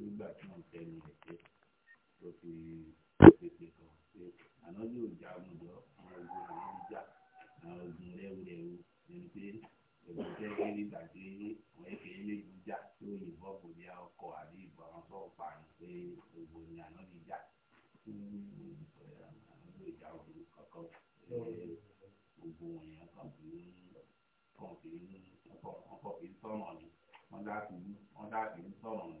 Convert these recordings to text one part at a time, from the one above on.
nígbà tí wọ́n tẹ́ ní ẹ̀jẹ̀ tó fi pépè kan pé àná yóò já àwùjọ àwọn ogun àwọn ìjà àwọn ogun rẹ́wúrẹ́wú ẹni pé ẹ̀gbọ́n tẹ́ ẹ rí ìgbàgbé àwọn ẹ̀kẹ́ méjì jà tí ó yìnbọn kò ní ọkọ̀ àbí ìbò àwọn sọ̀rọ̀ pààyàn pé ogun ni àná lè jà àná yóò já ogun kankan gbogbo wọ̀nyẹn kan kì í kan kì í kan kì í sọ̀rọ̀ ni wọ́n dá kì í sọ̀rọ̀ ni.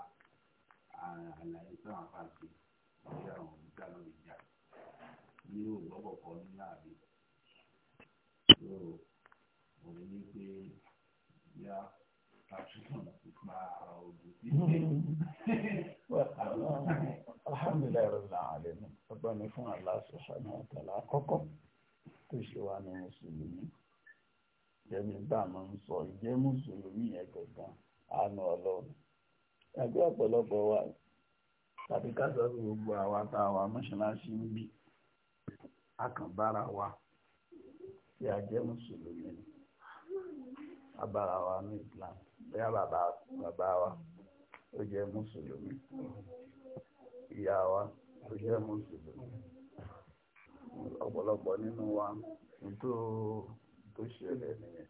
àlàyé táwọn afa ṣe lórí àwọn olùdáná lè jà ní ògbọ́bọ̀ kan ní láàbí so òun ní pé yá àtúntàn pa ara ojú sí alhamdulilayi rabbil alamin ọgbọ́n mi fún Allah subhanahu wa ta'ala àkọ́kọ́ tó ṣe wá ní mùsùlùmí jẹ́mi bá máa sọ ìjẹ́ mùsùlùmí yẹn gbọ̀ngàn àánú ọlọ́run àbí ọ̀pọ̀lọpọ̀ wa tàbí ká sọ fún gbogbo àwa tá a wà mọ́ṣáláṣí ń bí akànbára wa tí a jẹ́ mùsùlùmí abára wa ní Islam bóyá bàbá wa ó jẹ́ mùsùlùmí ìyá wa ó jẹ́ mùsùlùmí ọ̀pọ̀lọpọ̀ nínú wa tó tó ṣẹlẹ̀ nìyẹn.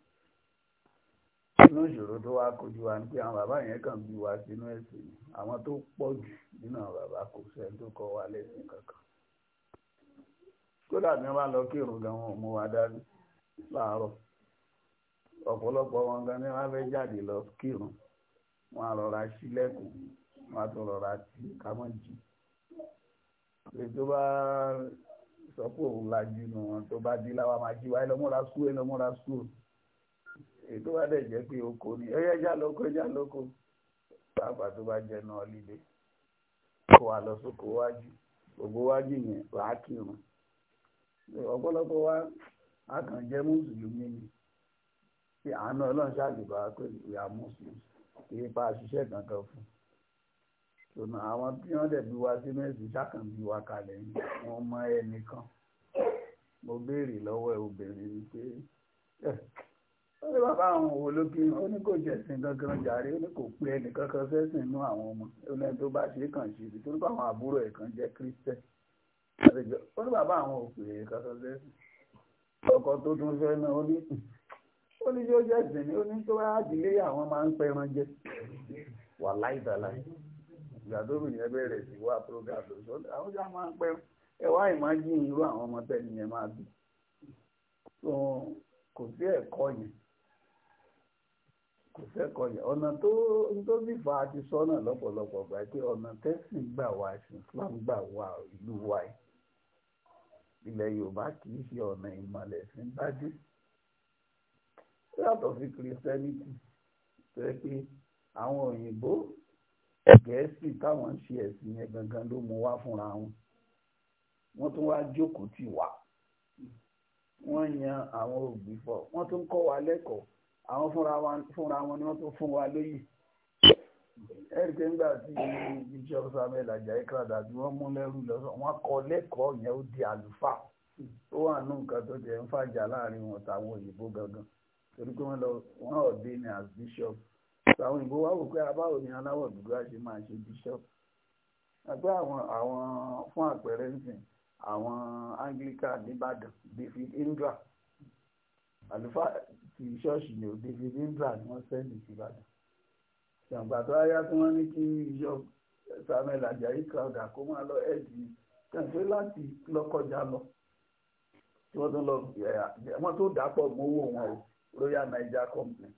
inú ìṣòro tó wá kojú wa ni pé àwọn bàbá yẹn kàn bí wa sínú ẹ̀sìn ni àwọn tó pọ̀ jù nínú àwọn bàbá kò sẹ́ni tó kọ́ wa lẹ́sìn kankan kódà ní wọn bá lọ kírun gan wọn ò mú wa dání láàárọ̀ ọ̀pọ̀lọpọ̀ wọn gan ní wọn fẹ́ jáde lọ kírun wọn á rọra wọn á tún tì ká mọ́ jì lè tó bá sọ pé òun lajú nu wọn tó bá dí láwa máa jí wa ẹ lọ múra skul ẹ lọ múra èyí tó bá dẹ̀ jẹ́ pé oko ni ẹyẹ já lóko já lóko pàápàá tó bá jẹ́ náà líle kó wa lọ sóko wájú gbogbo wájú yẹn wàá kírun ọ̀pọ̀lọpọ̀ wa a kàn jẹ́ mùsùlùmí ni tí àánú ọlọ́run ṣàgbébà pé ìyá mùsùlùmí kì í pa àṣìṣe kankan fún ṣùgbọ́n àwọn tí wọ́n dẹ̀ bí wa sí mẹ́sì ṣàkàn bí wa kalẹ̀ ni wọ́n mọ ẹnìkan mo béèrè lọ́wọ́ ẹ obìnrin ni pé ó ní bàbá àwọn òwò ló bí ó ní kò jẹ̀sìn gangan jàre ó ní kò pe ẹnìkankan sẹ́sìn inú àwọn ọmọ ó lẹ́ni tó bá ṣe é kàn ṣe ibi tó ní bá àwọn àbúrò ẹ̀ kan jẹ́ kírísítẹ́ ó ní bàbá àwọn òpè ẹnìkankan sẹ́sìn ọkọ tó tún fẹ́ náà ó ní ó ní yóò jẹ̀sìn ni ó ní tó bá dìlé àwọn máa ń pẹran jẹ wà láìdàlà ìgbà tó bìnrin ẹ bẹ̀rẹ̀ sí wá program lọ́sọ̀ọ́ àwọn ọjà máa ń pẹran ẹ wá ìmájì kò sẹ́kọ̀ọ́yà ọ̀nà tó tó sì fa àti sọ́nà lọ́pọ̀lọpọ̀ gbà pé ọ̀nà tẹ́sìn gbà wá Islam gbà wá ìlú wa ilẹ̀ Yorùbá kì í ṣe ọ̀nà ìmọ̀lẹ̀ sí dájú yàtọ̀ sí Christianity tó yẹ pé àwọn òyìnbó Gẹ̀ẹ́sì táwọn ń ṣe ẹ̀sìn yẹn gangan ló mú wá fúnra wọn wọ́n tún wá jókòó tì wá wọ́n yan àwọn òbí fọ́ wọ́n tún kọ́ wa lẹ́kọ̀ọ́ àwọn fúnra wọn ni wọ́n tó fún wa lóyè ẹ̀rìkẹ́ ńgbà tí bishop samuel ajayi kradà tí wọ́n mú lẹ́rù lọ́sọ̀ wọ́n kọ́ lẹ́kọ̀ọ́ yẹn ó di àlùfáà ó wà ní nǹkan tó jẹ́ ń fàjà láàrin wọn táwọn òyìnbó gangan torí pé wọ́n lọ wọ́n ọ̀dẹ́ ní as bishop táwọn òyìnbó wá wò pé abáwo ni aláwọ̀ dúdú àṣẹ máa ṣe bishop àgbẹ̀ àwọn àwọn fún àpẹẹrẹ nsìn àwọn anglican nìbàdàn david indra àlùfáà kì í ṣọ́ọ̀ṣì ní òde bíbíńdà ni wọ́n sẹ́ndì sí ìbàdàn ṣàǹgbà tó ayá tí wọ́n ní kí iṣọ́ samuel ajayi crowder kó máa lọ ẹ́ẹ̀dì kàǹpé láti lọ́kọjá lọ tí wọ́n tún lọ wọ́n tó dàpọ̀ mówó wọn o royal niger company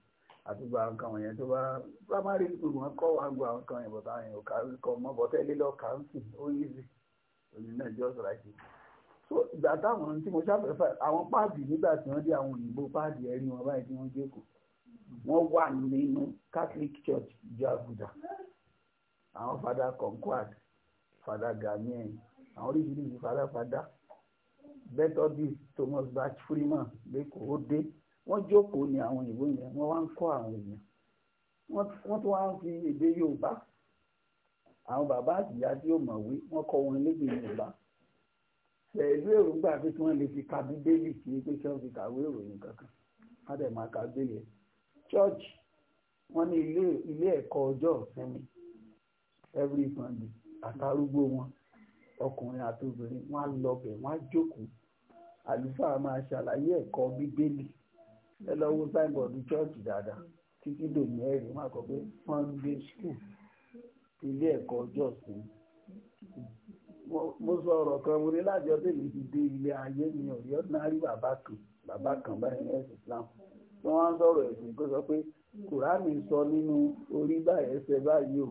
àti gba nǹkan wọ̀nyẹn tó bá primary school wọn kọ́ wa gba nǹkan yẹn bọ̀tà yẹn ò kàwé kọ́ mọ́ bọ́tẹ́lélọ́kàá ń sìn ó yí sí òní náà just like it so ìgbà táwọn tí mo ṣàfẹ́fẹ́ àwọn páàdì nígbà tí wọ́n dé àwọn òyìnbó páàdì ẹ̀rí wọn báyìí tí wọ́n jẹ́ kù wọ́n wà nínú Catholic Church ìjọ Àbújá àwọn fada Concord fada Ghanaian àwọn oríṣiríṣi fada fada Methodist Thomas Bach Freeman lẹ́kọ̀ọ́ ó dé wọ́n jókòó ní àwọn òyìnbó yẹn wọ́n wá ń kọ́ àwọn èèyàn wọ́n tún wá ń fi èdè Yorùbá àwọn bàbá àtìyá tí yóò mọ̀ wí wọ́n kọ́ wọn lédè Yorùbá pẹ̀lú èròǹgbà pé kí wọ́n lè fi ka bíbélì sí pé kí wọ́n fi kàwé ìròyìn kankan wọ́n dẹ̀ máa ka bíbélì ẹ̀ church wọ́n ní ilé ilé ẹ̀kọ́ ọjọ́ ìsinmi every Sunday àtàrúgbó wọn ọkùnrin àti obìnrin á á jókòó máa ẹ signboard church dáadáa títí dòní ẹ̀rí wọn àkọ́kọ́ Sunday school ilé ẹ̀kọ́ ọjọ́ mo sọ ọ̀rọ̀ kan mo rí lájọ tèmi ti dé ilé ayé mi ò yọ náà rí bàbá kan bàbá kan báyìí ní ẹ̀sìn Islam tí wọ́n ń sọ̀rọ̀ ẹ̀sìn tó sọ pé Kùránì sọ nínú orí báyìí ẹsẹ̀ báyìí o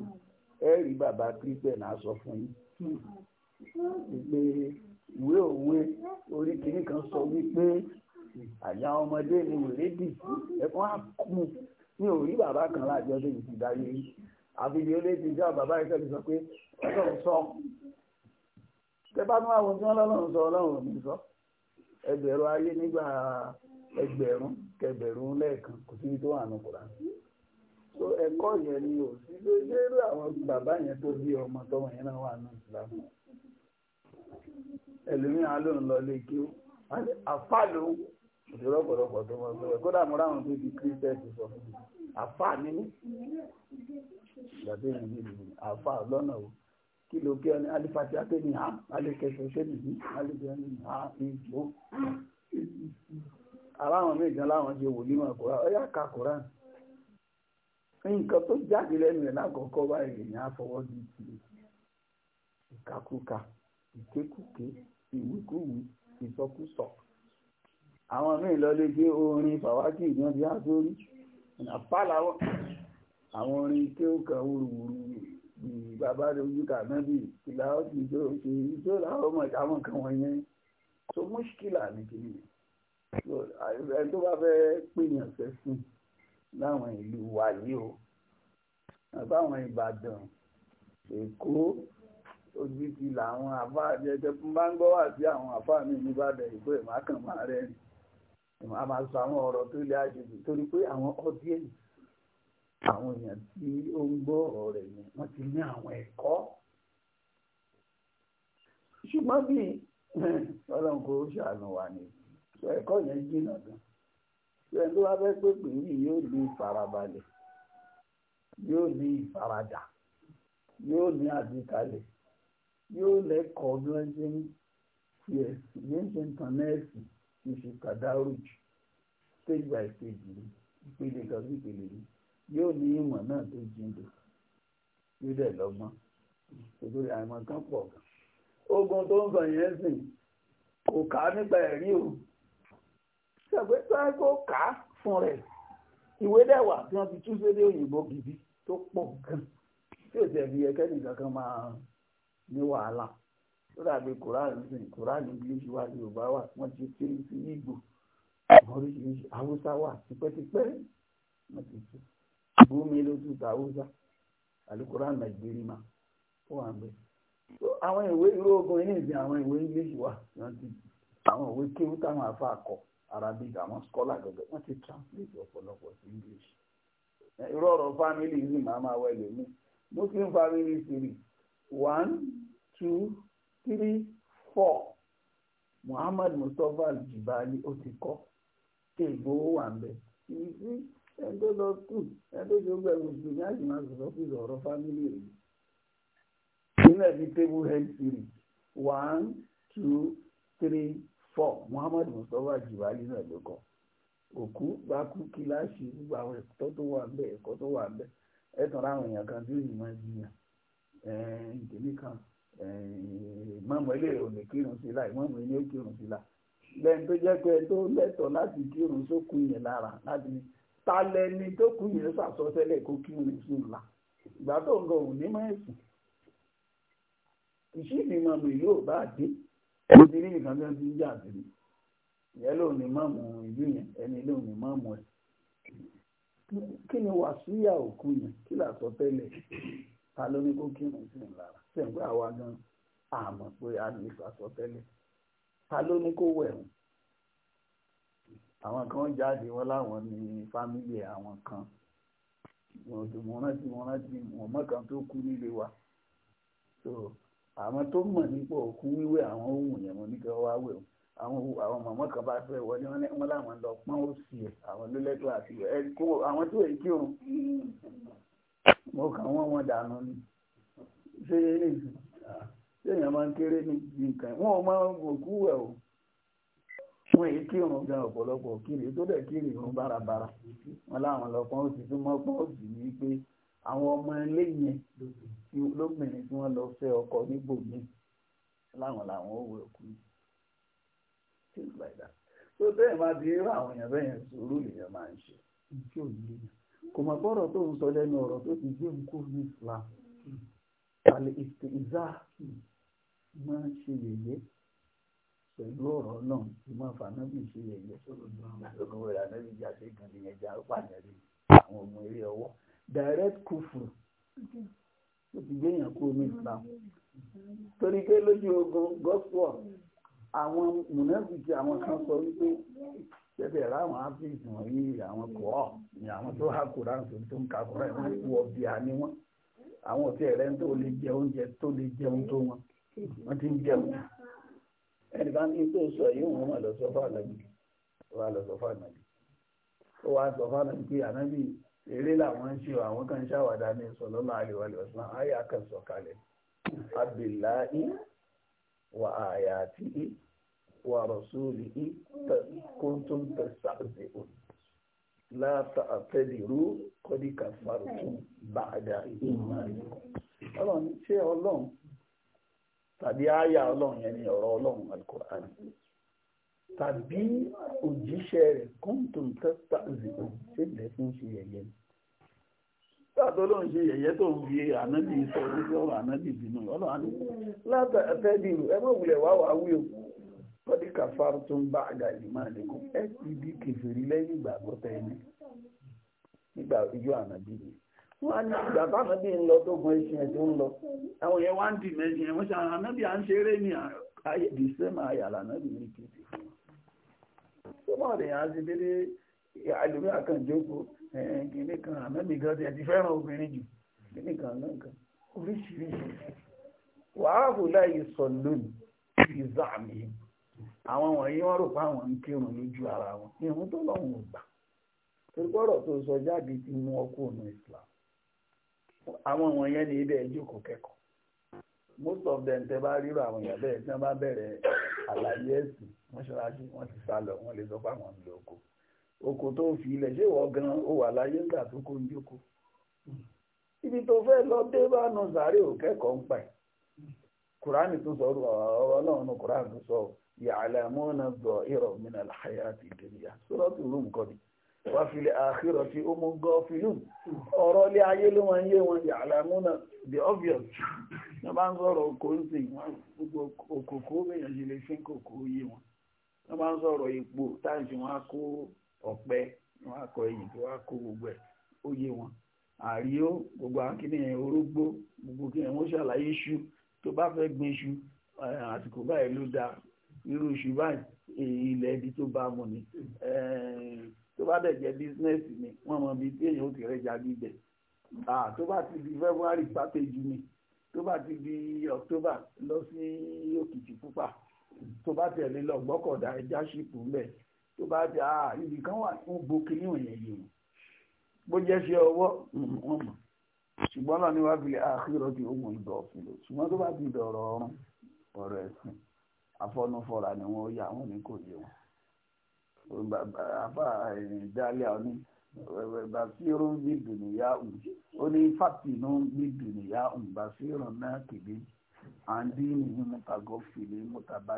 ẹ rí bàbá Christian á sọ fún yín pé ìwé òwe orí kìíní kan sọ wípé àyà ọmọdé ni wèrèdì ẹ̀kọ́ àkú mi ò rí bàbá kan lájọ tèmi ti dáyé àfi bí ó lé ti jẹ́ bàbá ìṣẹ́lẹ̀ sọ pé ọ̀sọ̀ sọ tẹ́bá ní àwọn tí wọ́n lọ́lọ́run sọ ọlọ́run ní sọ ẹgbẹ̀rún ayé nígbà ẹgbẹ̀rún kẹgbẹ̀rún lẹ́ẹ̀kan kò síbi tó wà nùkúra so ẹ̀kọ́ yẹn ni ò sí ló lérò àwọn bàbá yẹn tó bí ọmọ tọmọ yẹn náà wà nùkúra ìsìlámù ẹlòmíràn ló ń lọ lé kí ó àfà ló òṣèré ọ̀pọ̀lọpọ̀ tó mọ̀ pé kódà mo ráhùn tó di kírísítẹ́ẹ̀sì sọ fún mi àfà nínú ìgbà tó yẹn ní ìlú àfà lọ́nà wo kí ló gé ọni alifati atẹ́ni ha alẹ́kẹsẹ̀ ṣẹ́ni yìí alẹ́bẹ̀ẹ́ni ha ìjọ aláwọn méjì láwọn ṣe wò nímọ̀ kòrán ọyá ka kòrán nǹkan tó jáde lẹ́nu ẹ̀ lákọ̀ọ́kọ́ báyìí èèyàn àfọwọ́ di ti ìkakúka ìkékùké ìwíkúwí ìsọkúsọ àwọn míì lọlé gbé orin fàwákì ìgbọ́n bí a tó rí àpá làwọn àwọn orin kéwòkàn wúruwúru bàbá rẹ̀ ojú kà náà bì kìlà ó ti jọ ṣe ìjọ làwọn ọmọ ìdáwọn kan wọ̀nyẹn tó mọ́ṣíkìlà ní kìlì ẹni tó bá fẹ́ pèèyàn sẹ́sìn láwọn ìlú wa yìí o àbáwọn Ìbàdàn Èkó ojú ti làwọn àbá jẹjẹ fún bá ń gbọ́ wà sí àwọn àbá mi nìbàdàn Èkó ìmákànmá rẹ̀ a máa sọ àwọn ọ̀rọ̀ tó lé àjèjì torí pé àwọn audience àwọn èèyàn tí ó ń gbọ́ ọ̀rọ̀ rẹ̀ yẹn wọ́n ti ní àwọn ẹ̀kọ́ ṣùgbọ́n bí ọlọ́run kò ṣàánú wa ni ẹ̀kọ́ yẹn jìnnà gan ẹni tó fẹ́ pé pè ní yóò ní ìfarabalẹ̀ yóò ní ìfaradà ní àgbékalẹ̀ yóò stage by stage ní ìpele sí yóò ní ìmọ̀ náà tó jíǹde yóò dẹ̀ lọ́gbọ́n nítorí àìmọ̀ kan pọ̀ gan ogun tó ń sọ yẹn sìn kò kà á nípa ẹ̀rí o ṣàgbé sáré kó kà á fún rẹ̀ ìwé dẹ̀wà tí wọ́n ti tú sédé òyìnbó gidi tó pọ̀ gan tí ò tẹ̀lé ẹ̀kẹ́ nìkan kan máa ní wàhálà tó dàbí kùránì sìn kùránì english wà yorùbá wà wọ́n ti tẹ́ sí ìgbò àwọn oríṣiríṣi haúsá wà tipẹ́tipẹ́ wọ́n ti tẹ́. àbúmi lójú tàwùsà Hausa, nàìjíríà mà So, àwọn ìwé ogun ilé ìsìn àwọn ìwé english wa ti àwọn ìwé kéwú táwọn afa kọ arabic àwọn scholar gẹ́gẹ́ wọn ti translate ọ̀pọ̀lọpọ̀ sí english muslim family one muhammad mustapha ti ẹgbẹ́ lọ kù ẹgbẹ́ tó gbẹ gbogbo ní àyè máa sọ̀rọ̀ fún ìrọ̀rọ̀ fámílì rẹ̀ nílẹ̀ ní table head series one two three four Muhammad Mustapha Jibali náà ló kọ òkú bá kú kíláàsì gbogbo àwọn ẹ̀kọ́ tó wà ń bẹ̀ ndị tó wà ń bẹ̀ ẹ̀ tàn láwọn èèyàn kan tí kan mọ̀mọ́ ilé ò lè kírun sí ta lẹni tó kú yẹn ṣàsọtẹ́lẹ̀ kó kí wọn sí ńlá ìgbà tó ń lọ òun ní mẹ́sìn ìṣíìní mọ̀mù ìlú ò bá dé ẹni tí ní nǹkan tó ń ti ń jà sílẹ̀ ìyẹn lòun ní mọ̀mù ìlú yẹn ẹni lòun ní mọ̀mù ẹ̀ kí ni wàsíyà òkú yẹn kí là sọ tẹ́lẹ̀ ta ló ní kó kí wọn sí ńlá ṣe ń pẹ́ àwa gan àmọ́ pé a ní ìfàsọtẹ́lẹ̀ ta ló ní kó wẹ̀ àwọn kan jáde wọ́n láwọn ní fámílì àwọn kan mo rántí mo rántí mo mọ́kàn tó kú nílé wa so àwọn tó mọ̀ nípa òkú wíwẹ̀ àwọn ohun yẹn mo ní wá wẹ̀ o àwọn àwọn mọ̀mọ́ kan bá fẹ́ wọlé wọn láwọn lọ pọ́n òsì ẹ̀ àwọn ló lẹ́tọ́ àti ẹ̀ kó àwọn tó èyí kírun mo kàn wọ́n wọn dànù ni ṣé ṣé èèyàn máa ń kéré ní nǹkan wọn ò máa ń òkú wẹ̀ o wọn èyí kí òun gan ọ̀pọ̀lọpọ̀ kiri tó dẹ̀ kiri òun bárabára wọn láwọn lọ́pọ̀ ó sì tún mọ́ pọ́ sí ní pé àwọn ọmọ ilé yẹn lóbìnrin tí wọ́n lọ fẹ́ ọkọ níbòmí láwọn làwọn ò wọ ẹ̀kú things like that tó bẹ́ẹ̀ máa di irú àwọn èèyàn bẹ́ẹ̀ yẹn sùúrù lèèyàn máa ń ṣe kí ò ní lèèyàn kò mọ̀ gbọ́dọ̀ tó ń sọ lẹ́nu ọ̀rọ̀ tó ti gbé nǹkó ní Islam hmm. àlè ìsìnzá máa ń ṣe yẹ̀yẹ́ pẹ̀lú ọ̀rọ̀ náà tí máa fa nábì ṣe yẹ̀yẹ́ lọ́gbọ̀n rẹ̀ ànábì jà ṣe gan nìyẹn jà ó pàdé rí àwọn ọmọ eré ọwọ́ direct kufur ó ti gbéyàn kú omi islam torí pé lójú ogun gospel àwọn mùnàfíìsì àwọn kan sọ wípé ṣẹ̀ṣẹ̀ láwọn áfíìsì wọ̀nyí àwọn kọ́ ni àwọn tó há kúrán sórí tó ń ka kúrán ẹ̀ wọ́n wọ bíà ni wọ́n àwọn òtí ẹ̀rẹ́ tó lè jẹ tó lè jẹun tó wọn wọ́n ti ń jẹun ẹnìkan ní tó sọ yìí òun mà lọ sọ fáànàbì wà lọ sọ fáànàbì ó wàá sọ fáànàbì pé ànábì eré làwọn ń ṣe àwọn kan ṣàwàdà ní sọlọ́lá àlèwàlè ọ̀sán àyà kan sọ kalẹ̀ abillahi wa ayatihi wa rasulihi kuntum tastahzi'un la ta'tadiru qad kafartum ba'da ìmọ̀ ọlọ́run ṣé ọlọ́run tàbí àyà ọlọ́run yẹn ni ọ̀rọ̀ ọlọ́run alukur'an tàbí òjíṣẹ́ rẹ̀ kọ́ńtùn tẹ́tà zìkò ṣẹlẹ̀ fún ṣe yẹ̀yẹ́ tàbí ló ń ṣe yẹ̀yẹ́ tó ń fi ànábì sọ orí ọ̀rọ̀ ànábì bínú ọlọ́run ní látàtẹ́bìrù ẹ mọ̀ wulẹ̀ wá wá wí o kọ́dí kàfàrù tó ń bá àgà ìmọ̀ àdínkù ẹ ti di kẹfìrí lẹ́yìn ìgbàgbọ́ tẹ́ni nígbà ojú ànábì yìí wọ́n ní ìgbà táwọn bí ń lọ tó gun ẹṣin ẹ̀ tó ń lọ àwọn yẹn wá ń ẹ̀ wọ́n ṣe àwọn à ń ṣeré ní àyè dìsẹ́mà àyàlà anábì ní kìtì tó mọ̀ kìíní kan gan ti fẹ́ràn obìnrin jù kìíní kan náà kan oríṣiríṣi wọ́n ara wọn tó lọ́wọ́ gbà torí pọ́rọ̀ tó sọ jáde ti mú àwọn wọ̀nyẹn ní ibẹ̀ ìjókòó kẹ́kọ̀ọ́ most of them tẹ bá ríro àwọn èèyàn bẹ́ẹ̀ tí wọ́n bá bẹ̀rẹ̀ àlàyé ẹ̀sìn mọ́ṣáláṣí wọ́n ti sá lọ wọ́n lè sọ fáwọn ọ̀nà oko oko tó fi ilẹ̀ ṣé ìwọ gan ó wà láyé ńgbà tó kó ń jókòó ibi tó fẹ́ lọ dé bá nu sàárè ò kẹ́kọ̀ọ́ ń pa ẹ̀ kùránì tó sọ ọlọ́run kùránì tó sọ ya'lamuna dhahira min al-hayati dunya sọ́rọ́ tó rú nǹkan wọ́n fi lè àkírọ̀ tí ó mú gọ́ọ̀fìlú ọ̀rọ̀ ilé ayé ló máa yé wọn yàrá múnà the obvious ní wọ́n bá ń sọ̀rọ̀ oko ń sìn wọ́n gbogbo òkòkò bẹ́yàn ṣe lè fi kòkó yé wọn wọ́n bá ń sọ̀rọ̀ epo táǹtì wọn á kó ọ̀pẹ wọn á kọ ẹ̀yìn tí wọ́n á kó gbogbo ẹ̀ ó yé wọn àríó gbogbo akíní yẹn orógbó gbogbo kí wọ́n ṣàlàyé iṣu tó bá fẹ́ gbin iṣu àsìkò báyìí ló dáa irú iṣu báyìí ilẹ̀ ibi tó bá mu ni tó bá dẹ̀ jẹ́ bísínẹ́sì ni wọ́n mọ ibi tí èèyàn ó ti rẹ́jà gbígbẹ tó bá ti di february pákéjì ni tó bá ti di october lọ sí òkìtì pupa tó bá tẹ̀lé lọ gbọ́kọ̀dá ẹja ṣìpù ńbẹ̀ tó bá ti ibì kan wà fún bokini òyìn yìí bó jẹ́ ṣe ọwọ́ mm, wọn mọ̀ ṣùgbọ́n náà ni wàá fi àkírọ̀ ti ohun ìdọ̀ ọ̀fìlò ṣùgbọ́n tó bá ti dọ̀rọ̀ ọ̀run ọ̀rọ̀ ẹ̀sìn àfọnúfọ̀rà ni wọ́n yà wọ́n ní kò yé wọn àbá ìdálẹ́ ọ̀ní bàṣírò bí dùnìyà ùn ó ní fàtìnú bí dùnìyà ùn bàṣírò náà kìdí àǹdí nìyí mọ́tàgọ́ fìlẹ̀ mọ́tàbá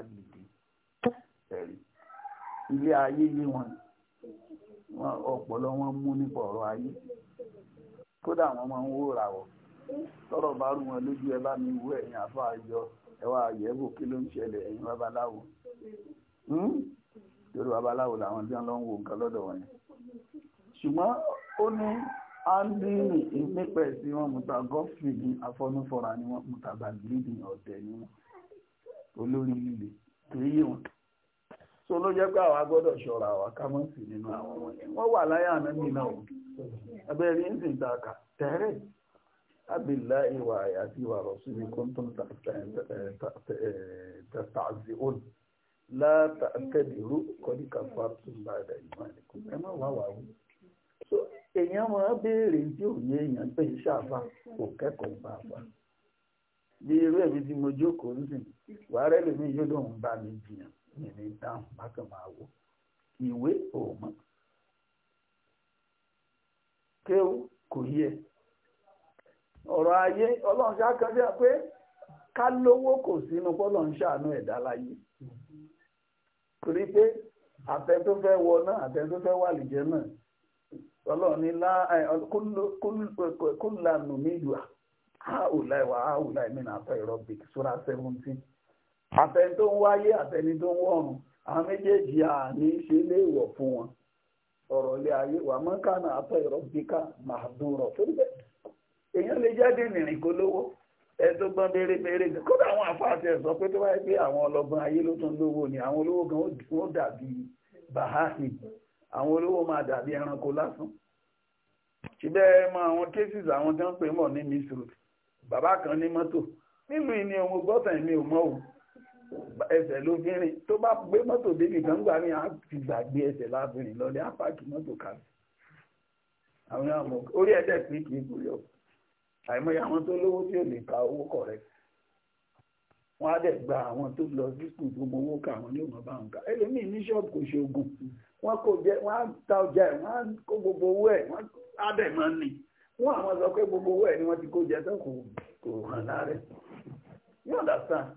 ilé ayé yé wọn ọpọlọ wọn mú nípa ọ̀rọ̀ ayé kódà wọn máa ń wóra wọ tọrọ bá rú wọn lójú ẹ bá mi wú ẹ̀yin àfọ àjọ ẹwà àyẹ̀wò kí ló ń ṣẹlẹ̀ ẹ̀yin babaláwo hmm? torí babaláwo làwọn tí wọ́n lọ ń wo nǹkan lọ́dọ̀ wọn yẹn ṣùgbọ́n ó ní andini nípẹ̀ sí wọn mùtà gọ́fì ní ni wọ́n mùtà bàgídì ọ̀tẹ̀ ni wọ́n olórí ilé kìí yé wọn so ló jẹ́ pé àwa gbọ́dọ̀ ṣọ́ra àwa ká mọ́ sí nínú àwọn wọ̀nyẹn wọ́n wà láyé ànábì náà wò ẹgbẹ́ rí ń sìn tààkà tẹ́rẹ̀ abìlá ìwà àyàtì ìwà rọ̀ sí ní kọ́ńtọ́n tààzì òní látàtẹ̀dìrú kọ́díkà fàtún bàdà ìmọ̀lẹ́kùn ẹ má wà wà wí. so èèyàn máa béèrè tí ò yé èèyàn pé iṣẹ́ àfa kò kẹ́kọ̀ọ́ bá a fa. bí irú ẹ̀mí tí mo jókòó nísìn wàá rẹ́ lèmi yóò lòun bá mi jiyàn mi ní dáhùn bákan máa wò ìwé ò mọ̀. kéwù kò yẹ ọ̀rọ̀ ayé ọlọ́run ṣáà kan bí wọ́n pé ká lówó kò sínú fọ́lọ́run ṣàánú ẹ̀dá láyé. torí pé àtẹ tó fẹ́ wọ náà àtẹ tó fẹ́ wà lìjẹ́ náà ọlọ́run ní kúlànù mílù àhùláì wà àhùláì mí náà àtọ́ ìrọ́bì sura seventeen àtẹ tó ń wáyé àtẹni tó ń wọ̀run àwọn méjèèjì àní ṣe léèwọ̀ fún wọn ọ̀rọ̀ ilé ayé wà mọ́kànnà àtọ́ ìrọ́bì ká màdùn rọ̀ torí bẹ́ẹ̀ èèyàn ẹ tó gbọ́n béèrè gan kódà àwọn àfáàtì ẹ̀ sọ pé tó wáyé pé àwọn ọlọ́gbọ́n ayé ló tún lówó ni àwọn olówó gan ó dàbí bàhásì àwọn olówó máa dàbí ẹranko lásán ṣùgbẹ́ ẹ mọ àwọn cases àwọn tó ń pè mọ̀ ní misrud bàbá kan ní mọ́tò nílùú ìní òun gbọ́sàn mi ò mọ́ o ẹsẹ̀ ló fi rìn tó bá gbé mọ́tò débi kan gbà mí àá ti gbàgbé ẹsẹ̀ láàbìrìn lọ́lẹ́ á pààkì mọ́tò kàlù àwọn ọmọ orí ẹ̀dẹ̀ pé kì í kúrò ọ̀pọ̀ àìmọye àwọn tó lówó tí ò lè ka owó kọ̀rẹ́ wọ́n á dẹ̀ gba àwọn tó lọ sí skul tó mọ owó ká àwọn ní òmò bá wọn ká ẹlòmíì ní ṣọ́ọ̀bù kò ṣe oògùn wọ́n kò jẹ wọ́n á ta ọjà ẹ̀ wọ́n á kó gbogbo owó ẹ̀ wọ́n á dẹ̀ mọ́ ni wọ́n àwọn sọ pé gbogbo owó ẹ̀ ni wọ́n ti kó jẹ tán kò kò hàn lára you understand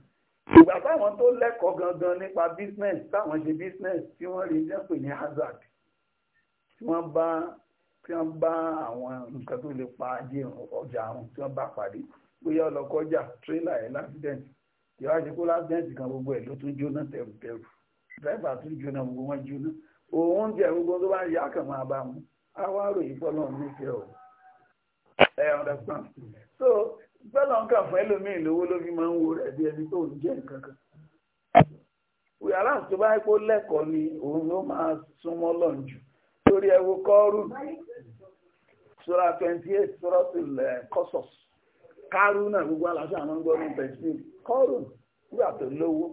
ìgbà táwọn tó lẹ́kọ̀ọ́ gangan nípa business táwọn ṣe business tí wọ́n rí jẹ́ pè ní hazard tí wọ́n bá tí wọ́n bá àwọn nǹkan tó lè pa ajé ọjà àwọn tí wọ́n bá pàdé bóyá ọlọ́kọjà tírélà ẹ̀ lásìdẹ̀ǹt ìyá wa ṣe kó lásìdẹ̀ǹt kan gbogbo ẹ̀ ló tún jóná tẹrùtẹrù dírẹ́fà tún jóná gbogbo wọn jóná òun jẹ gbogbo tó bá yá kàn máa bá wọn á wá ròyìn fọlọ́ nífẹ̀ẹ́ o ẹ understand so bẹ́ẹ̀ kà fún ẹlòmíì lówó ló fi máa ń wo rẹ̀ bí ẹni tó ń jẹ́ nǹkan kan yàrá tó bá yẹ kó lẹ́kọ̀ọ́ ni òun ló máa súnmọ́ lọ́njù torí ẹ wo kọ́ọ̀rù sura twenty eight sura till eh, Qasas kárúnà gbogbo aláṣẹ àwọn gbọ́dọ̀ tẹ̀sí kọ́rùn nígbà tó lówó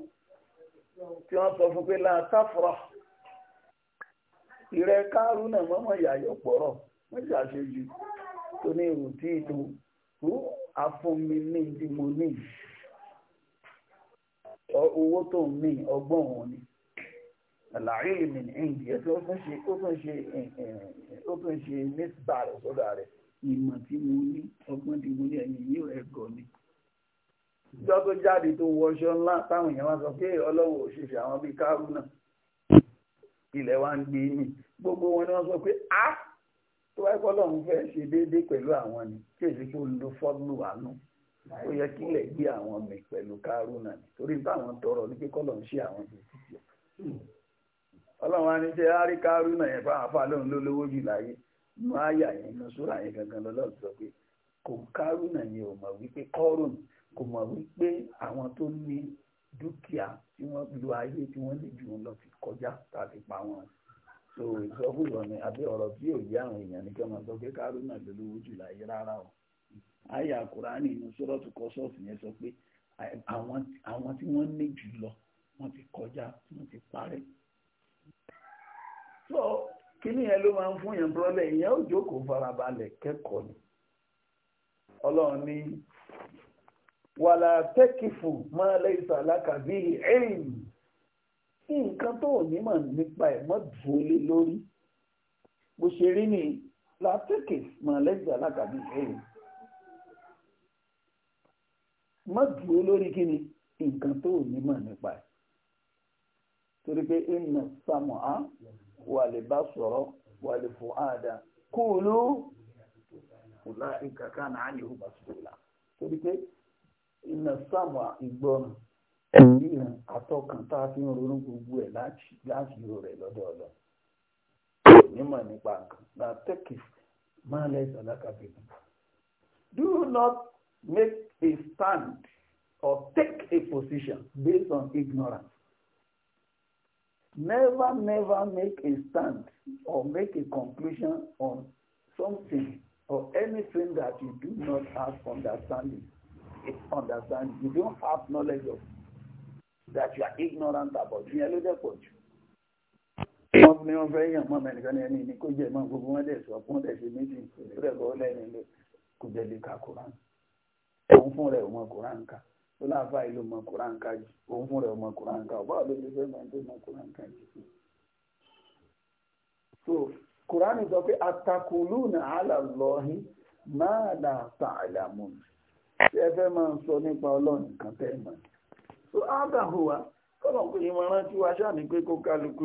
tí wọ́n sọ fún pé látàfọ́rọ̀ ìrẹ́ kárúnà mọ́mọ́ ìyàyọ̀ pọ̀rọ̀ wọ́n ti àṣejù tó ní ìrù tí ìlú rú afúnmi ní ìdí mo ní owó tó ń mí ọgbọ́n òun ni àlàyé mi ní ìdí ẹ̀ tí ó tún ṣe ó tún ṣe eh, eh, ó tún ṣe nípa rẹ̀ sọ́dọ̀ rẹ̀ ìmọ̀ tí mo ní ọgbọ́n tí mo ní ẹ̀yìn yóò ẹ̀gọ́ ni. ìjọ tó jáde tó wọṣọ ńlá táwọn èèyàn wá sọ pé ọlọ́wọ́ òṣìṣẹ́ àwọn bíi kárúnà ilẹ̀ wa ń gbé ní gbogbo wọn ni wọ́n sọ pé a tó wáyé kọ́ lọ́run fẹ́ ṣe déédéé pẹ̀lú àwọn ni kí èsì kó lo fọ́ọ̀lù àánú ó yẹ kí ilẹ̀ gbé àwọn mi pẹ̀lú kárúnà torí táwọn tọrọ ní pé kọ́ lọ́run ṣe àwọn ti ti tiẹ̀ ọlọ́run á ní ṣe áríkà rúnà yẹn fáwọn afá lóun ló lówó jù láyé inú àyà yẹn inú súrà yẹn gangan lọ́lọ́run sọ pé kò kárùnà yẹn ò mọ̀ wípé kọ́rùn kò mọ̀ wípé àwọn tó ní dúkìá tí wọ́n lu ayé tí wọ́n lè jù lọ ti kọjá tàbí pa wọn so ìsọkúsọ ni àbí ọ̀rọ̀ tí ò yé àwọn èèyàn ní kí wọ́n sọ pé kárùnà ló lówó jù láyé rárá o àyà kùránì inú sọ́rọ́tù kọ́ sọ́ọ̀sì yẹn sọ pé àwọn tí wọ́n ní jù lọ wọ́n ti kọjá wọ́n ti parẹ́ so kíní yẹn ló máa ń fún yẹn brọ́lẹ̀ ìyẹn ò jókòó farabalẹ̀ kẹ́kọ̀ọ́ ni ọlọ́run ní wàlà tẹ́kìfù máa lẹ́yìn sàlákà bíi ẹ̀rìn nǹkan tó ní mọ̀ nípa ẹ̀ mọ́ dùnlé lórí bó ṣe rí ni látẹ́kì mọ̀ lẹ́yìn sàlákà bíi ẹ̀rìn mọ́ dùnlé lórí kí ni nǹkan tó ní mọ̀ nípa ẹ̀ torí pé ìnà sàmọ̀ á Wa alaba sọrọ, wa lefụwa ada kụlụ. Ula ikaka na anyị hụtara ikpebela. Ebibe na nsamụ Igbo enyi atọ Kante Nrụrụmụgwu Elachi yasị ruru eluọdụ ọdọ. N'Imo Emeka na Tekniki ma na-elekere alaka pipo. Do not make a stand or take a position based on ignorance. never, never make a stand or make a conclusion on something or anything that you do not have understanding. It's understanding. You don't have knowledge of that you are ignorant about. Ìyẹn ló dẹ̀ pọ̀ jù. Wọ́n ní wọ́n fẹ́ yàn mọ́ mẹ́rin ẹni ní kó jẹ́ mọ́ gbogbo wọn dẹ̀ sọ fún dẹ̀ méjì rẹ̀ lọ́wọ́ lẹ́yìn lé kò jẹ́ lè ka Kùrán. Òun fún rẹ̀ òun Kùrán kà. ó láǹfà ìlú mọ kúráǹkà jù òun fún rẹ̀ ọmọ kúráǹkà ọ̀bá ló ti fẹ́ mọ tó mọ kúráǹkà so kúránì sọ pé ala la ta'lamun tí ẹ fẹ́ máa ń sọ nípa ọlọ́run nǹkan tẹ́ ẹ so ádáhù wa kọ́lọ̀ pé ìmọ̀ràn tí wàá ṣáà ní pé kó kálukú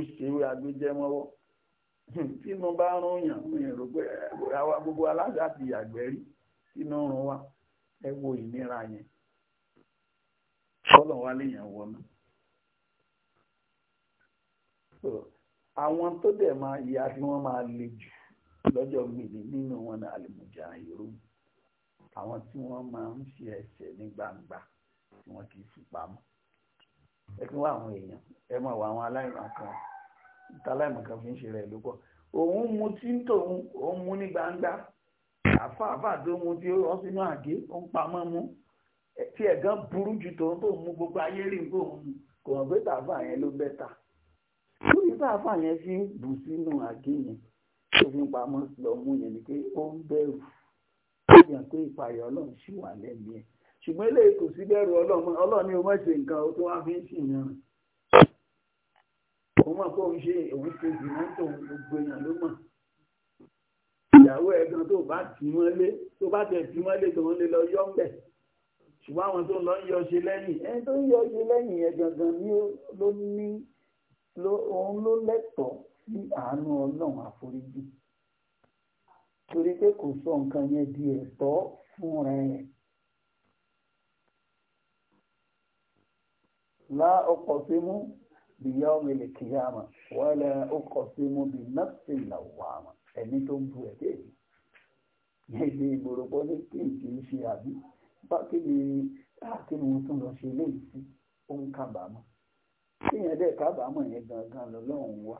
tínú bá rún yàn gbogbo ti rí tínú rún wa ẹ sọ́lọ̀ wá léèyàn wọnú. àwọn tó dẹ̀ máa ìyà tí wọ́n máa le jù lọ́jọ́ gbèdé nínú wọn ní àlùmọ̀jà ìró àwọn tí wọ́n máa ń ṣe ẹ̀ṣẹ̀ ní gbangba tí wọ́n kì í fi pamọ́ ẹ kí wọ́n àwọn èèyàn ẹ mọ̀ wọ àwọn aláìmọ̀ kan ìtàláìmọ̀ kan fi ń ṣe rẹ̀ ló pọ̀ òun mu tí ń tòun òun mu ní gbangba àfa àfa tó mu tí ó rọ́ sínú àgé ó ń pamọ́ mu tí ẹ̀gán burú ju tòun tó mú gbogbo ayé rí nǹkó òun kò hàn pé tàfà yẹn ló bẹ́tà lórí tàfà yẹn fi ń bù sínú àgé yẹn tó fi ń pamọ́ lọ mú yẹn ni pé ó ń bẹ̀rù ó yàn pé ìpayọ̀ ọlọ́run ṣì wà lẹ́mìí ẹ̀ ṣùgbọ́n eléyìí kò sí bẹ̀rù ọlọ́run ọlọ́run ni o má ṣe nǹkan o tó wá fi ń ṣìyàn rẹ̀ òun mọ̀ pé òun ṣe òun ṣe ìgbìmọ̀ tó gbogbo èèyàn ló mọ̀ ìyàwó ẹ̀ tó bá tì ṣùgbọ́n àwọn tó ń lọ ń yọ ṣe lẹ́yìn ẹni tó ń yọ ṣe lẹ́yìn yẹn gangan ni ló ní òun ló lẹ́tọ̀ọ́ sí àánú ọlọ́run àforíjì torí pé kò sọ nǹkan yẹn di ẹ̀tọ́ fúnra ẹ̀. la uqsimu bi yawmil qiyamah wala uqsimu bi nafsil lawwamah ẹni tó ń bu ẹ̀ déèdì yẹn ní ìgbòròpọ̀ ní kí n kì í ṣe àbí bákìlì káàkiri wọn tún lọ ṣe léyìí sí ó ń kábàámọ̀ kíyàn dẹ̀ kábàámọ̀ yẹn gangan lọ́lọ́run wá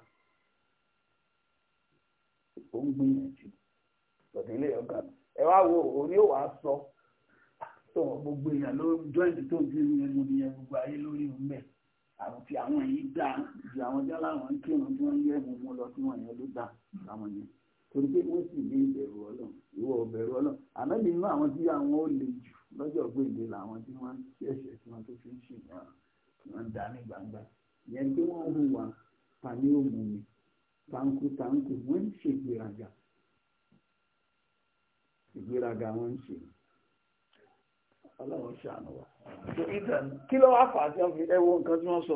ó ń gbìyànjú lọ́dẹ̀lé ọ̀gá ẹ wá wo òní ò wá sọ tó gbogbo èèyàn ló jọ́ìntì tó ń fi rí ẹnu ní ẹnu gbogbo ayé lórí mẹ́ àti àwọn yìí dá ju àwọn jẹ́ láwọn kírun tí wọ́n yẹ ẹ̀mú mu lọ tí wọ́n yẹn ló dá láwọn yẹn torí pé wọ́n sì ní ìbẹ̀rù ọlọ́run ìwọ ìbẹ̀rù ọlọ́run àmọ́ nínú àwọn tí àwọn ó le jù lọ́jọ́ gbèǹde làwọn tí wọ́n ṣe ẹ̀ṣẹ̀ tí wọ́n tó fi ń ṣì wọ́n tí wọ́n dá ní gbangba ìyẹn pé wọ́n hùn wá ta ni ó mú mi tanku tanku wọ́n ń ṣe ìgbéraga ìgbéraga wọ́n ń ṣe ọlọ́run ṣàánú wa. so ethan kí ló wá fà á tí wọ́n fi ẹwọ́ nǹkan tí wọ́n sọ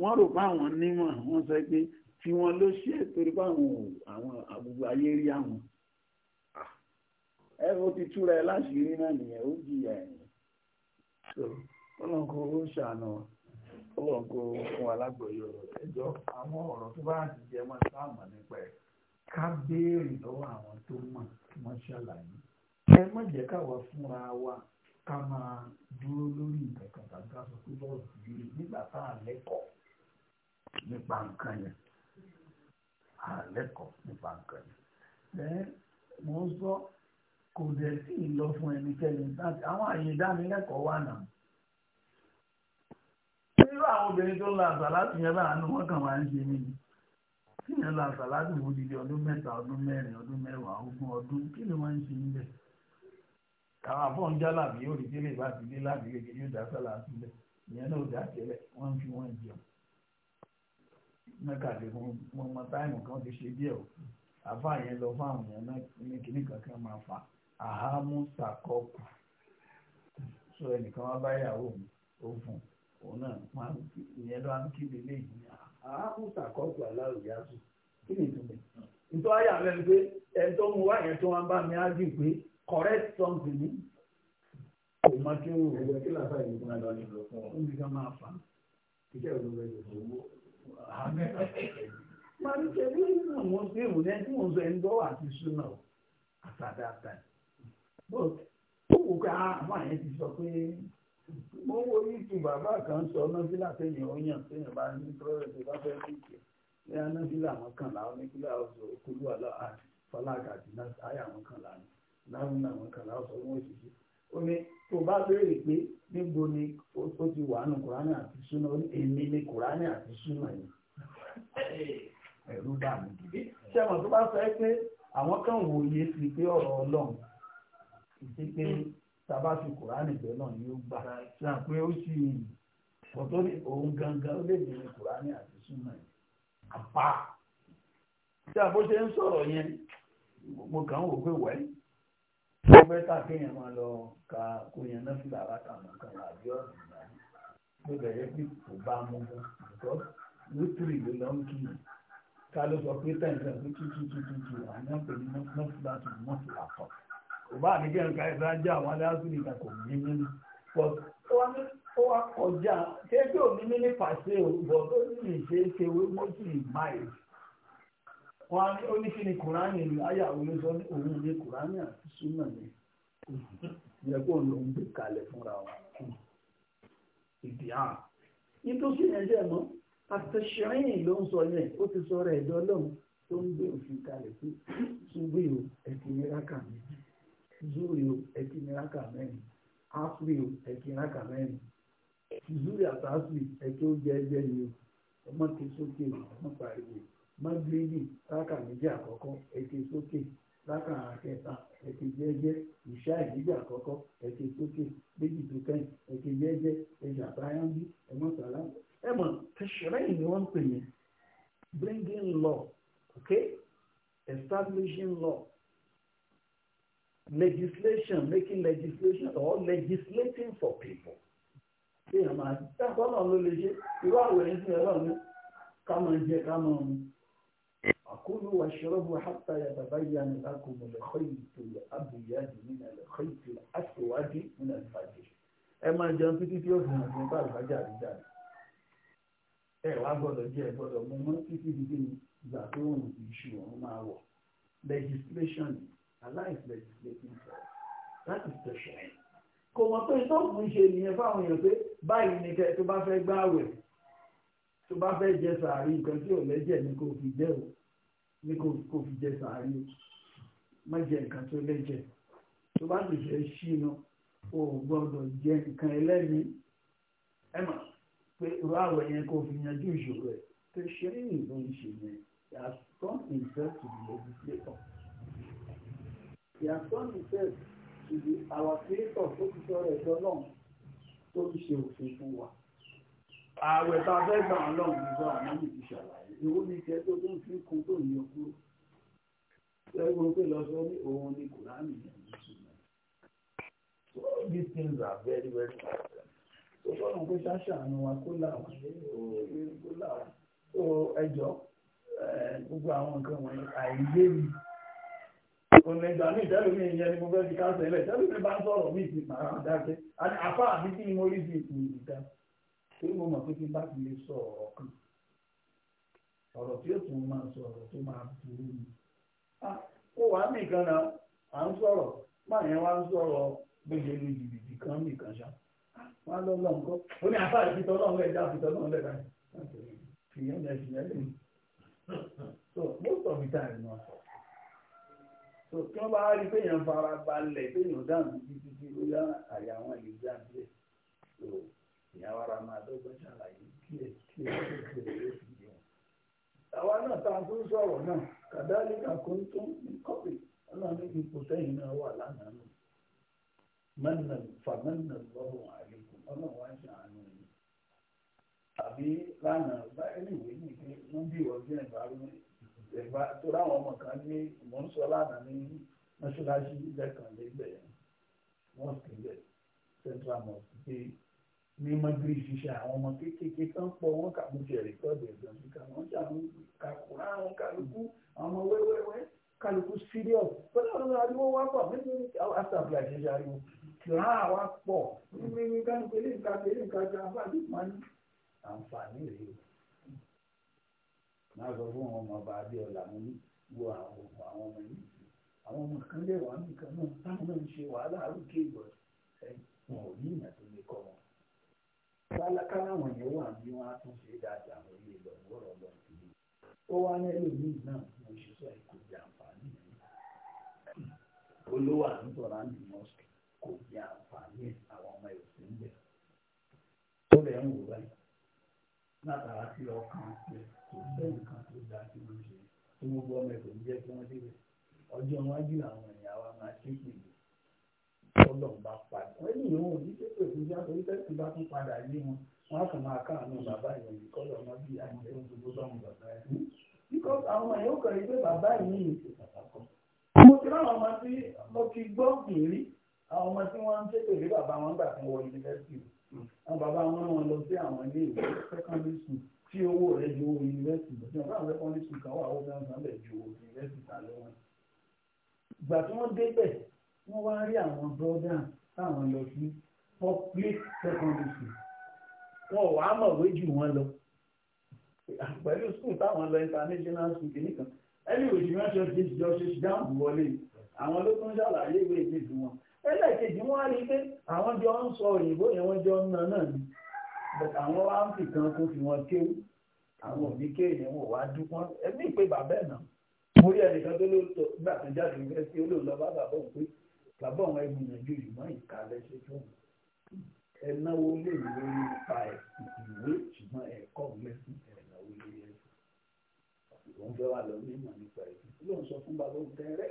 wọ́n rò pé àwọn nímọ̀ wọ́n sọ pé tí wọ́n ló ṣe torí pé àwọn àwọn àgbègbè ayé rí àwọn. ẹ o ti túra ẹ láṣìírí náà nìyẹn ó jìyà so ọlọ́run kò ó ṣàánú ọlọ́run fún wa ẹjọ́ àwọn ọ̀rọ̀ tó bá ti jẹ mọ́ sáàmù nípa ẹ̀ ká béèrè lọ́wọ́ àwọn tó mọ̀ kí wọ́n ṣàlàyé ẹ má jẹ́ káwa fúnra wa ká máa dúró lórí nǹkan kan tàbí ká sọ pé kò dẹ̀ sí ìlọ fún ẹnikẹ́ni láti àwọn àyè ìdánilẹ́kọ̀ọ́ wà náà. nínú àwọn obìnrin tó ń la àsàlátì yẹn bá àánú wọn kàn wá ń ṣe mí ni kí ni la àsàlátì wo di ọdún mẹ́ta ọdún mẹ́rin ọdún mẹ́wàá ogún ọdún kí ni wọ́n ń ṣe níbẹ̀. àwọn àfọ̀n jálà bí yóò rí délé bá ti dé láti lè kí yóò dá sálà sílẹ̀ ìyẹn náà dá tẹ́lẹ̀ wọ́n ń fi wọ́n jẹun. mẹ́kàlélógún mọ́mọ́ táìmù kan ti ṣe díẹ̀ o àfáà yẹn lọ fáwọn èèyàn ní kíní kankan máa fà á ahamu sakọ́kù so ẹnìkan wá báyàwó mi ó fún òun náà máa ń kí ìyẹn ló ń kí lélẹ̀ yìí ní ahamu sakọ́kù aláròyà sùn kí ni ìtumọ̀ nítorí àyà rẹ̀ ni pé ẹni tó mú wá yẹn tó wọn bá mi á gbé pé correct something ni kò má kí wò ó kí làbá yìí kún lọ ní ìlú fún ọ níbi ká máa fà á kíkẹ́ ìlú rẹ̀ yóò fún ọ máa ń ṣe bí ìrìnà wọn sí ní ẹni tí wọn sọ ẹni tó wà àti súnà àtàdáadáa ó wò ká ah, àwọn àyẹn ti sọ pé mo wo yíkì bàbá kan sọ nọ́fílà téèyàn ó yàn téèyàn bá ní pírọ́rẹ́sì bá fẹ́ yíkì lẹ́yìn nọ́fílà àwọn kan làwọn nípínlẹ̀ ọ̀sọ̀ òkúlù àlọ́ fọláàkà àti náà àwọn kan làwọn láwọn àwọn kan làwọn sọ wọn òṣìṣẹ́ ó ní tó bá béèrè pé níbo ni ó ti wà nù kùránì àti súnà ó ní èmi ni kùránì àti súnà yìí ẹ̀rú dà mí. ṣé àwọn tó bá fẹ́ pé àwọn kan wòye sí pé ọ̀rọ̀ ọlọ́run ìdíkẹ́ sábà fi kùránì bẹ́ẹ̀ náà yóò gbà sàn pé ó sì ọ̀tọ̀ ní òun gangan ó lè ní kùránì àti súnmọ́ ẹ̀ apá tí a bó ṣe ń sọ̀rọ̀ yẹn mo kàn ń wò pé wẹ́ ó fẹ́ tà kéèyàn máa lọ ka kó yẹn náà fìlà látàmú kan àbí ọ̀rọ̀ ìgbà ló bẹ̀rẹ̀ pé kò bá mú bọ́ ìtọ́ lótìrì ló lọ ń kí ni ká ló sọ pé tẹ̀sán pé tútù tútù àwọn ọ̀pẹ̀ ní mọ́tìlá tù mọ́tìlá tọ̀ bá àdíkẹ́ nǹkan ẹ̀fẹ́ ajá àwọn aláàsùn ìtàkò ní mímú pọ̀ ó wá kọjá kéèké òní mímí pàṣẹ òbọ̀ tó ní ìṣeéṣe mọ́tì máìlì wọn ní ó ní kí ni kùránì ní àyà olóṣọ ní òun ní kùránì àti súnà ní yẹ kó ló ń gbé kalẹ̀ fúnra wa ìdí à nítòsí yẹn jẹ́ mọ́ àtẹ̀sẹ̀rìn ló ń sọ yẹn ó ti sọ rẹ̀ ẹ̀dọ́ lọ́hùn tó ń gbé òfin kalẹ̀ sí ṣùgbọ́n ẹ̀sìn ìrákà zuri o ẹkí miraka mẹ́rin asiri o ẹkí miraka mẹ́rin zuri àti asiri ẹkí ó jẹ ẹgbẹ́ ni o ọmọ ti sókè ọmọ pariwo magridi raka méjì àkọ́kọ́ ẹkí sókè raka àkẹta ẹkí jẹ́jẹ́ ìṣá ìdíjì àkọ́kọ́ ẹkí sókè méjì tó kẹ́yìn ẹkí jẹ́jẹ́ ẹjà báyánbí ẹmọ sàlá ẹmọ tẹsírẹ́yìn ni wọ́n ń pè yẹn bringing law okay establishing law legislation making legislation or legislating for people ṣé èèyàn máa dábọ́ náà ló lè ṣe irú àwọn èèyàn sí ọlọ́run ní ká máa jẹ ká máa mu àkúrú wa ṣọ́rọ́bù hátà yàtàbá yà ní lákòmù lẹ́kọ́ ìtò àbùyáde nínú ẹ̀lẹ́kọ́ ìtò àṣewádé nínú ẹ̀fàjẹ́ ẹ máa jẹun títí tí ó fi hàn fún báyìí bájà rí jáde ẹ wá gbọ́dọ̀ jẹ ẹ gbọ́dọ̀ mú mọ́ títí dídí ní ìgbà tó ń ìṣù ọ̀hún máa wọ̀ legislation yìí Allah is legislating for us that is the shine kò mọ̀ pé tó ń ṣe nìyẹn fáwọn èèyàn pé báyìí ni kẹ́ tó bá fẹ́ gbáwẹ̀ tó bá fẹ́ jẹ sàárì nǹkan tí ò lẹ́jẹ̀ ni kò fi jẹ o ni kò fi jẹ sàárì o má jẹ nǹkan tó lẹ́jẹ̀ tó bá sì fẹ́ ṣínà o gbọ́dọ̀ jẹ nǹkan ẹlẹ́mìí ẹ mọ̀ pé irú àwẹ̀ yẹn kò fi yanjú ìṣòro ẹ̀ tó ṣe é nìyẹn ló ń ṣe yẹn yàtọ̀ ìfẹ́ tó lè fi lé ọ̀ their son himself to be our creator tó ti sọ rẹ̀ sọ náà tó ń ṣe òfin fún wa. ààwẹ̀ tá gbà wọn lọ́wọ́ nígbà àmọ́ mi ti ṣàlàyé ìwọ ní jẹ́ tó tó ń fi kun tó ń kúrò. lẹ́gbọ́n pé lọ sọ ní òun ni kùránì yẹn ló sùn so these things are very very important. tó bọ́lá pé ṣáṣà àánú wa kó làwọn kó làwọn. so ẹjọ́ gbogbo àwọn nǹkan wọ̀nyí àìyé mi onígbà ní ìtẹ́lómi ìyẹn ni mo fẹ́ fi káńsẹ̀ lẹ̀ tẹ́lómi bá ń sọ̀rọ̀ mí ti máa ń dákẹ́ àti àfa àbí kí ni mo rí di ìpín ìdá tí mo mọ̀ pé kí bá ti lè sọ ọ̀rọ̀ kan ọ̀rọ̀ tí ó tún máa sọ ọ̀rọ̀ tó máa burú ni. ó wàá nìkan náà à ń sọ̀rọ̀ máa yẹn wá ń sọ̀rọ̀ gbèjè lu jìbìtì kan nìkan ṣá wọ́n á lọ́ lọ́nkọ́ ó ní àfa ìfitọ́ náà lẹ̀ dá ìfitọ́ náà lẹ̀ dá ìfitọ́ náà lẹ̀ dá ìfitọ́ náà lẹ̀ dá ìfitọ́ náà lẹ̀ dá ìfitọ́ náà lẹ̀ dá ìfitọ́ náà lẹ̀ dá ìfitọ́ tó kí wọ́n bá rí péyàn fara balẹ̀ péyàn dáhùn títí tí ó yá àyà wọn lè gbà díẹ̀ tó ìyàwó ara máa dọ́gbọ́n ṣàlàyé kílẹ̀ kílẹ̀ kílẹ̀ ló fi yẹ wọn. àwa náà tá a tún sọ̀rọ̀ náà kàdálíkà kò ń tún ní kọ́pì ọlọ́run ní ipò sẹ́yìn náà wà lánàá nù mẹ́nà fàmẹ́nà lọ́rùn àlékún ọlọ́run wá ṣe àánú yìí àbí lánàá báyìí nìwé nìkan wọ́n bí ìwọ́jú ẹ̀ ẹ̀fà tó ráwọn ọmọ kan ní mò ń sọ lánàá ní mọ́ṣáláṣí lẹ́kànlẹ́gbẹ̀ẹ́ mọ́ọ̀sì lẹ̀ central mosque pé ní madrid ṣiṣẹ́ àwọn ọmọ kéékèèké kan pọ̀ wọ́n kà mú jẹ́ rìkọ́dì ẹ̀gbọ́n sí kan wọ́n ṣàmú kakùnrin àwọn kálukú ọmọ wẹ́wẹ́wẹ́ kálukú serious pẹ̀lú àwọn ariwo wá pọ̀ nítorí àtàbí àṣẹṣe ariwo kìlá wa pọ̀ nínú kálukú eléyìí kálukú eléyìí kálukú àǹfààní rèé o máa sọ fún ọmọ ọba Adéọlá mo ní wo àwọn ọmọ àwọn ọmọ yìí àwọn ọmọ kan lè wà nìkan náà táwọn náà ń ṣe wàhálà àrùké ìbọn wọn ò ní ìmọ̀ tó lè kọ́ wọn. sálákà láwọn yẹn wà bí wọn á tún ṣe dáadáa àwọn ilé lọ wọ́rọ̀ lọ síbi. ó wá ní ẹlòmíì náà mo ṣe sọ èkó di àǹfààní yẹn. olówó àǹtọ̀rọ̀ àǹdí mọ́sùkì kò di àǹfààní àwọn ọmọ ẹ̀sìn ń bẹ̀. ó ń wò báyìí látara sí ọkàn fẹ́ẹ̀ kan tó da sí ló ṣe tó gbogbo ọmọ ẹ̀kọ́ jẹ́ kí wọ́n débẹ̀ ọjọ́ iwájú àwọn èèyàn wa máa ṣe pè mí bá padà wọ́n ní ìhun òní tó pè fún jáde orí tẹ́sí bá tún padà yé wọn wọ́n á kàn máa káàánú bàbá ìròyìn kọ́lọ̀ wọn bí àìsàn tó gbogbo báwọn bàbá ẹ̀ because àwọn èèyàn kàn rí pé bàbá yìí ní ìṣèpàtàkọ́ mo ti ráwọn ọmọ tí mo ti gbọ́ kìírí àwọn ọmọ tí wọ́n ń ṣètò ìrí bàbá wọn gbà fún wọn yunifásitì àwọn bàbá wọn wọn lọ sí àwọn yunifásitì bọ̀ tí wọ́n bá wẹ́pọ̀ ní sùn kan wà ó dáhùn sábẹ̀ ju yunifásitì ta lọ́wọ́. ìgbà tí wọ́n débẹ̀ wọ́n wá rí àwọn brọ́dà táwọn lọ sí public secondary school wọn ò wá mọ̀ wé jù wọn lọ pẹ̀lú school táwọn lọ international school kìnnìkan ẹni òjì wọn ṣe ti jọ ṣe dáhùn wọlé àwọn ló tún ṣàlàyé ìwé ìdìbò wọn ẹlẹ́ẹ̀kejì wọn á rí i pé àwọn jọ ń sọ òyìnbó yẹn wọ́n jọ ń na náà ni àwọn wá ń fìkan kó fi wọn kéwú àwọn òbí kéèyàn wò wá dúpọ́n ẹ̀mí ìpè bàbá ẹ̀ náà mo rí ẹnìkan tó ló tó nígbà tó jáde ìfẹ́ sí olóòlọ́ bá bàbá òun pé bàbá òun ẹ̀gbìn nàìjú ìmọ̀ ìkàlẹ̀ ṣe fún un ẹ náwó lè lórí ipa ìwé ṣùgbọ́n ẹ̀kọ́ mẹ́sìn ẹ̀ náwó lórí ẹ̀sìn òun fẹ́ wà lọ mímọ̀ nípa ẹ̀sìn ló ń sọ fún bàbá òun tẹ́rẹ́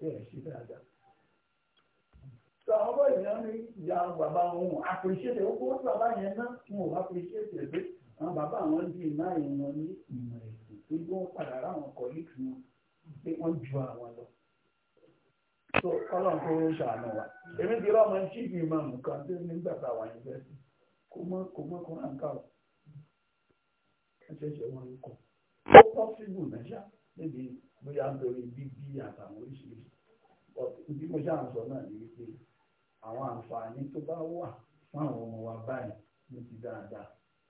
bẹ́ẹ̀ ṣe dáadáa sọ àwọn bọ́ọ̀lù àwọn bàbá àwọn ń dì náà yẹn wọn ní ìmọ̀ ẹ̀sìn pé wọ́n padà ráwọn colleagues wọn pé wọ́n ju àwọn lọ. so ọlọ́run kó ń ṣàánú wa èmi ti rọ́ọ̀mù chief imam kan tó nígbà tá a wà ní bẹ́ẹ̀ kó mọ́ kó mọ́ kó ràn ká o ẹ̀ṣẹ̀ṣẹ̀ wọn ń kọ́ ó pọ́sibù mẹ́ṣà níbi bóyá nítorí bíbí àtàwọn oríṣiríṣi bí mo ṣáà ń sọ náà ní wípé àwọn àǹfààní tó bá wà fún àwọn ọmọ wa báyìí ní ti dáadáa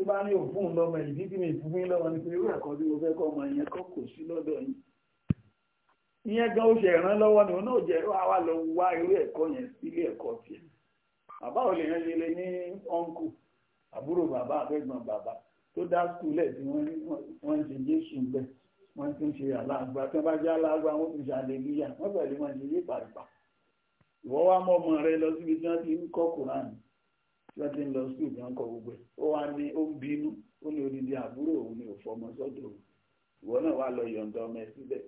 tó bá ní òfún lọ́mọ ìdí tí mi fún lọ́wọ́ ní pé irú ẹ̀kọ́ tí mo fẹ́ kọ́ ọmọ yẹn kọ́ sí lọ́dọ̀ yìí ìyẹn gan ó ṣe ìrànlọ́wọ́ ni òun náà jẹ́ wá lọ wá irú ẹ̀kọ́ yẹn sílé ẹ̀kọ́ tiẹ̀ bàbá ò lè yẹn ṣe lè ní ọ́nkù àbúrò bàbá àbẹ́gbọ̀n bàbá tó dá skúlẹ̀ tí wọ́n ń ṣe jésù bẹ́ẹ̀ wọ́n ti ń ṣe aláàgbà tí wọ́n bá jẹ́ aláàgbà wọ́n ti ṣàlẹ́lúyà wọ́n pẹ̀lú wọn ṣe yé pàrìpà ìwọ́ wá mọ́ ọmọ rẹ lọ síbi tí wọ́n ti ń kọ́ kùránì lọ́dún lọ sí ìdánkọ̀ gbogbo ẹ̀ ó wá ní ó ń bínú ó ní odidi àbúrò òun ni ò fọmọ sọ́dọ̀ òun ìwọ náà wá lọ yọ̀ǹda ọmọ ẹ síbẹ̀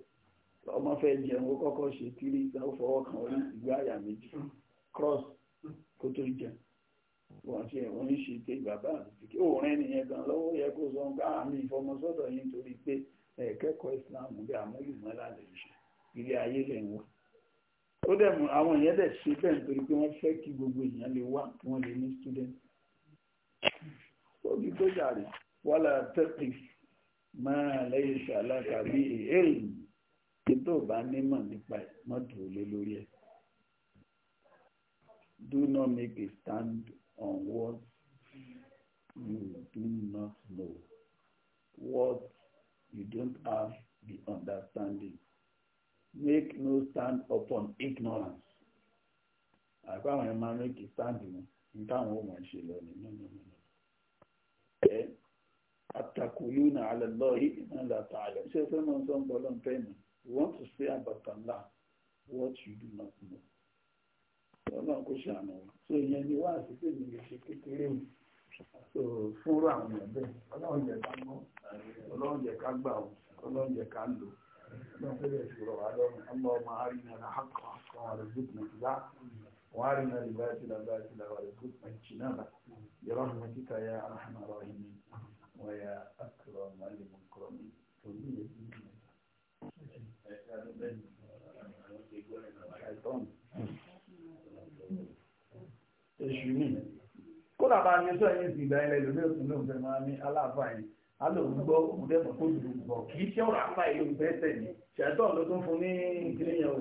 ọmọ fẹ́ jẹun ó kọ́kọ́ ṣe kiri ìgbà ó fọwọ́ kan orí ìgbà àyà méjì cross kó tó jẹun wọ́n ti ẹ̀wọ̀n ń ṣe pé bàbá àti kí òun rẹ́ni yẹn gan lọ́wọ́ yẹ kó sọ nǹkan àmì ìfọmọsọ́dọ̀ yìí nítorí pé ah, ẹ̀kẹ́kọ̀ọ́ ìsìláàmù bí àmọ́ ìmọ̀lá lè ṣe ilé ayé lè ń wọ̀ ó dẹ̀ mú àwọn èèyàn dẹ̀ ṣe bẹ́ẹ̀ nítorí pé wọ́n fẹ́ kí gbogbo èèyàn lè wá kí wọ́n lè ní student ó di tó yàrá wàhálà tẹ́tì máa lẹ́yìn ṣàlá tàbí èèrè kí tó bá nímọ̀ nípa ẹ̀ mọ́tò lé lórí ẹ̀ do not make a stand on what you do not know what you don't have the understanding make no stand upon ignorance àgbà àwọn stand in nǹkan àwọn ọmọ ṣe lọ no no no ẹ atakulu na àlẹ lọ yìí náà làtà ṣé you want to say about Allah what you do not know ọlọ́run kò wa so ìyẹn ni wá àṣìṣe mi lè ṣe kékeré mi so fúnra àwọn ọ̀bẹ ọlọ́run jẹ ká mọ̀ gbà ọlọ́run ká lò اللهم أرنا الحق حقا وارزقنا اتباعه وارنا الباطل باطلا وارزقنا اجتنابه برحمتك يا أرحم الراحمين ويا أكرم المكرمين Èṣù mi, kó làbá ní sọ yìí ti ìgbà ilẹ̀ ìlú ní òsùn ló ń fẹ́ máa ní alò ń gbọ́ òun dẹ́kun kó dùn bọ̀ kì í ọ̀rọ̀ àpá ìlú bẹ́sẹ̀ ni ṣàtọ̀ ló tún fún ní ìpínlẹ̀ yẹn o